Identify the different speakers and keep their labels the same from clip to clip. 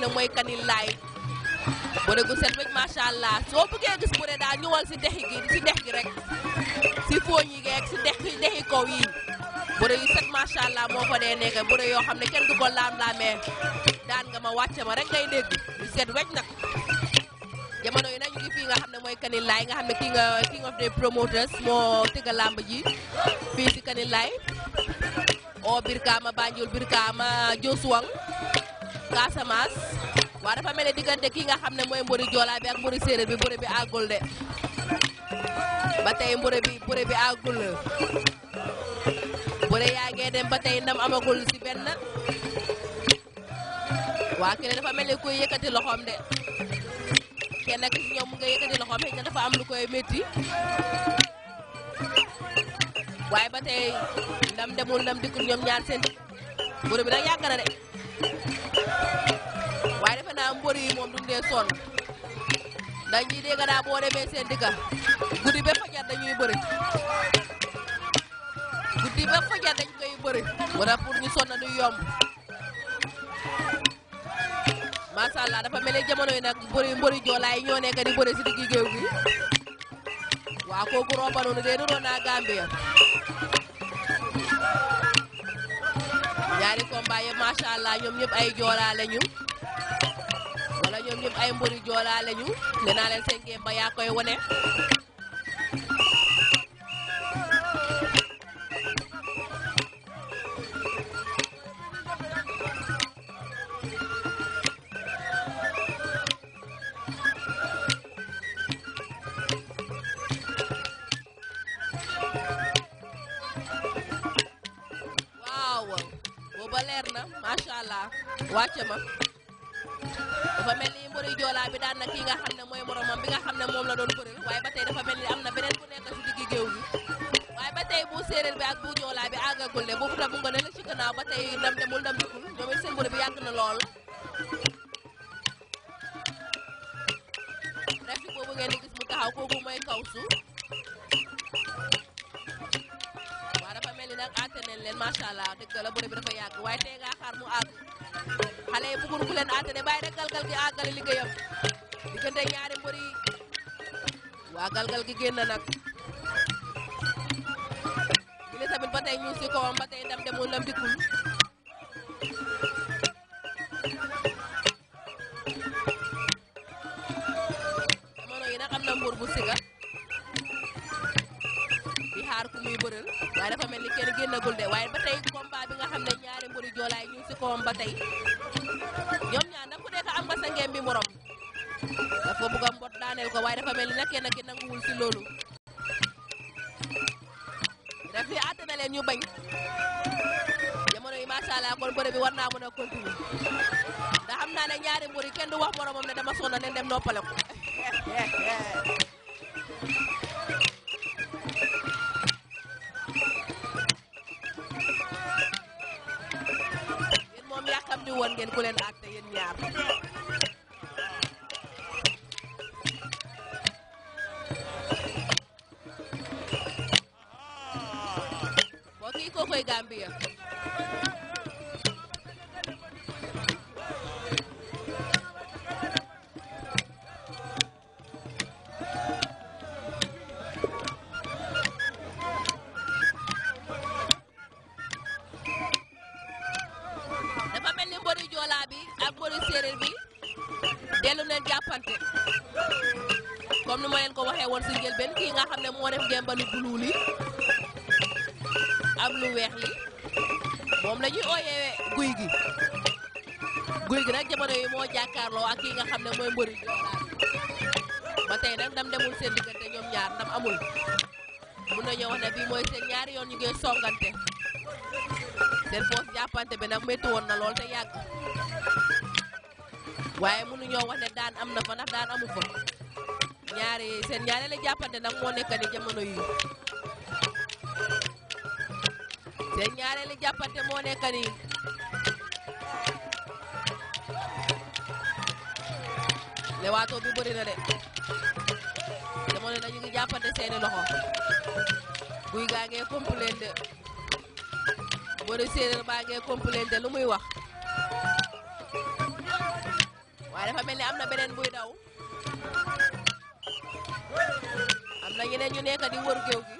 Speaker 1: ne mooy kanilaay bëre gu set wécc macha allah soo bëggee gis bëre daal ñëwal si dex gi si dex gi rek si fooñ yi geeg si dex gi dexi yi bëre yu set macha allah moo fa dee nekk bëre yoo xam ne kenn du ko laam-laamee daan nga ma wàcce ma rek ngay dégg yu set wécc nag jamono yi nag ñu fii nga xam ne mooy kanilaay nga xam ne king nga of the promoters moo tëgg làmb ji fii si kanilaay o Birkama Banjul Birkama Josuwang Casamance waa dafa mel ne diggante ki nga xam ne mooy mburu joola bi ak mburu séeréer bi mburu bi àggul de ba tey mburu bi mburu bi àggul mburu yaa ngee dem ba tey ndam amagul si benn waa kii dafa mel ni kuy yëkkati loxoom de kenn ki ñoom nga yëkkati loxoom xëy dafa am lu koy métti ba ndam demul ndam dikkul ñoom ñaar seen mburu bi de waaye defe naa mbër yi moom duñ dee sonn ndax ñii dégg naa seen digga guddi ba fajar dañuy bëri guddi ba fajar dañ koy bëri wala pour ñu sonn du yomb macha allah dafa mel ni jamono yi nag mbëri mbëri ñoo nekk di bëri si diggi géew gi waa kooku romba noonu de niróo naa Gambia ñaari combat yëpp macha allah ñoom ñépp ay joolaa lañu wala ñoom ñëpp ay mbëri joolaa lañu nee naa leen seen géem yaa koy wone macha allah wàcce ma dafa mel ni mbëri joolaa bi daan na kii nga xam ne mooy moromam bi nga xam ne moom la doon bëril waaye ba tey dafa mel ni am na beneen bu nekk si diggi géew bi waaye ba tey bu séeréer bi ak bu joolaa bi àggagul ne bu futa bu nga ne la ci gannaaw ba tey ndam demul ndam dikul ñoom it seen bëri bi yàgg na lool ref boobu ngeen gis mu taxaw kooku mooy kawsu nag àtte nañ leen macha allah dëgg la bëre bi dafa yàgg waaye tey ngaa xaar mu àgg xale yi bëgguñ ku leen àtte ne rek galgal gi àggale liggéeyam diggante ñaari mbër waa galgal gi génn nag li tamit ba tey ñu si kawam ba tey ndam demul ndam dikkul yi nag am na mbër bu siga xaar ku waaye dafa mel ni kenn génnagul de waaye ba tey combat bi nga xam ne ñaari mbëri joolaay ñu si kawam ba tey ñoom ñaar nag ku nekk am nga sa bi morom dafa bëgg a mbot daaneel ko waaye dafa mel ni na kenn ki nanguwul si loolu daf fi àtt na leen ñu bañ jamono yi macha allah kon bëre bi war naa mën a continuer ndax xam naa ne ñaari mbëri kenn du wax moromam ne dama soxna leen dem noppale ko ngeen ku leen àtte yéen ñaar. mbokk yi kookoy Gambia. jàppante comme nu ma leen ko waxee woon si njëlbeen kii nga xam ne def gembalu bulu li am lu weex li moom la ñuy ooyee gi guy gi nag jamono yi moo jàkkaarloo ak kii nga xam ne mooy ba tey nag ndam demul seen diggante ñoom ñaar ndam amul mun nañoo wax ne bii mooy seen ñaari yoon ñu ngi songante seen poos jàppante bi nag métti woon na lool te yàgg waaye mënuñoo wax ne daan am na fa ndax daan amu fa ñaari seen ñaareel a jàppante nag moo nekk ni jamono yi seen ñaareel a jàppante moo nekk ni lewaatoo bi bëri na de jamono na ñu ngi jàppante seeni loxo guy gaa ngee de bëri séeréer baa ngee complain de lu muy wax waaye dafa mel ni am na beneen buy daw am na ñeneen ñu nekk di wër géew gi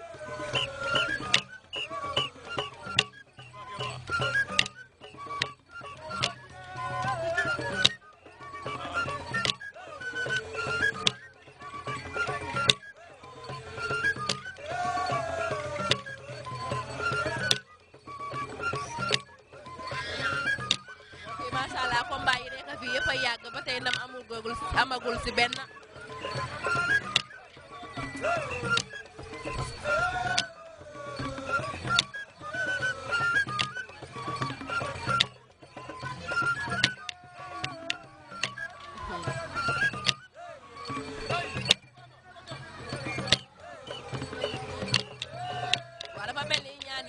Speaker 1: toll si benn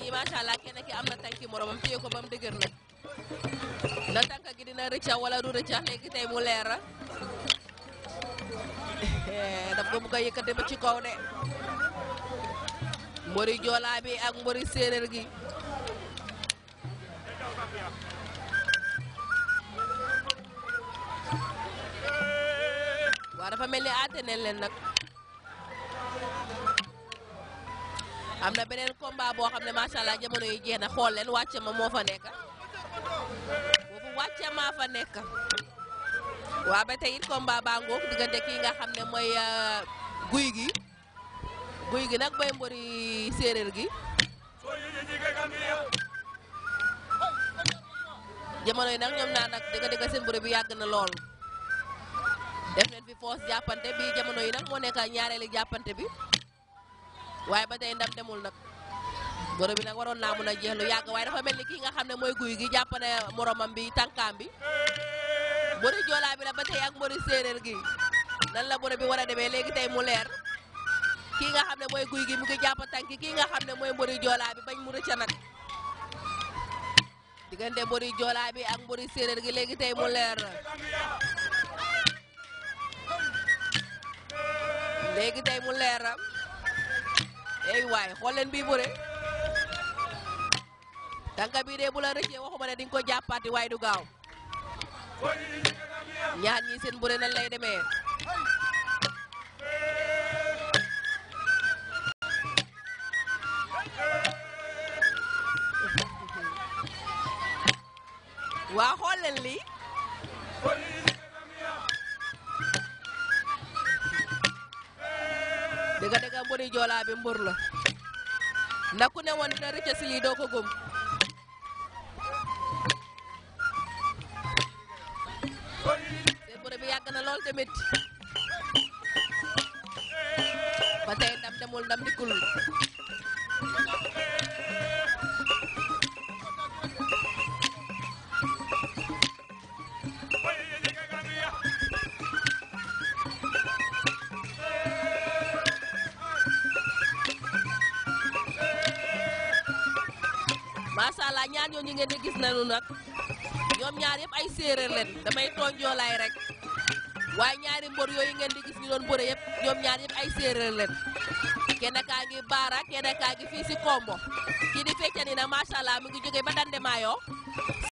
Speaker 1: macha allah kenn ki am na tànki moromam téye ko ba mu dëgër nag na tànk gi dina rëcca wala du rëcca léegi tey mu leer Eh, daf ko bëgg yëkkati ba ci kaw de mbëri joolaa bi ak mbëri séeréer gi waa dafa mel ni aate neen leen nag am na beneen combat boo xam ne macha allah jamono yi jeex na xool leen wàcce ma moo fa nekk boobu wàcce maa fa nekk waa ba tey it combat baa ngoog diggante kii nga xam ne mooy euh, guy gi guy gi nag bay mbori séeréer gi jamono yi nag ñoom naa nag dëgg dëgg seen bëre bi yàgg na lool def leen fi foos jàppante bi jamono yi nag moo nekk ñaareeli jàppante bi waaye ba tey ndam demul nag
Speaker 2: bëre bi nag waroon naa mun a jeex lu yàgg waaye dafa mel
Speaker 1: ni kii nga xam ne mooy guy gi jàpp moroomam bi tànkaam bi mbëru joolaa bi la ba tey ak mbëru séeréer gi nan la mbëru bi war a demee léegi tey mu leer kii nga xam ne mooy guy gi mu ngi jàpp tànk kii nga xam ne mooy mbëru joolaa bi bañ mu rëcc nag diggante mbëru joolaa bi ak mbëru séeréer gi léegi tey mu leer léegi tey mu leer ey waay xool leen bi bëre tànk bii de bu la rëccee waxuma ne di nga ko jàppaati waaye du gaaw. ñaar ñi seen bëre nan lay demee waa xool leen lii dëgg dëgg mbëri joolaa bi mbër la ndax ne woon dina rëcc si doo ko gëm tamit batay ba ndam demul ndam dikul macha allah ñaar ñooñu ngeen di gis nañu nag ñoom ñaar yëpp ay séeréer leen damay tooñ joolaay rek waaye ñaari mbër yooyu ngeen di gis ñu doon bëre yëpp ñoom ñaar yëpp ay séeréer leen kenn kaa ngi baara kenn kaa ngi fii si kombo ki di fekkee ni na macha allah mi ngi jógee ba Dandemaayo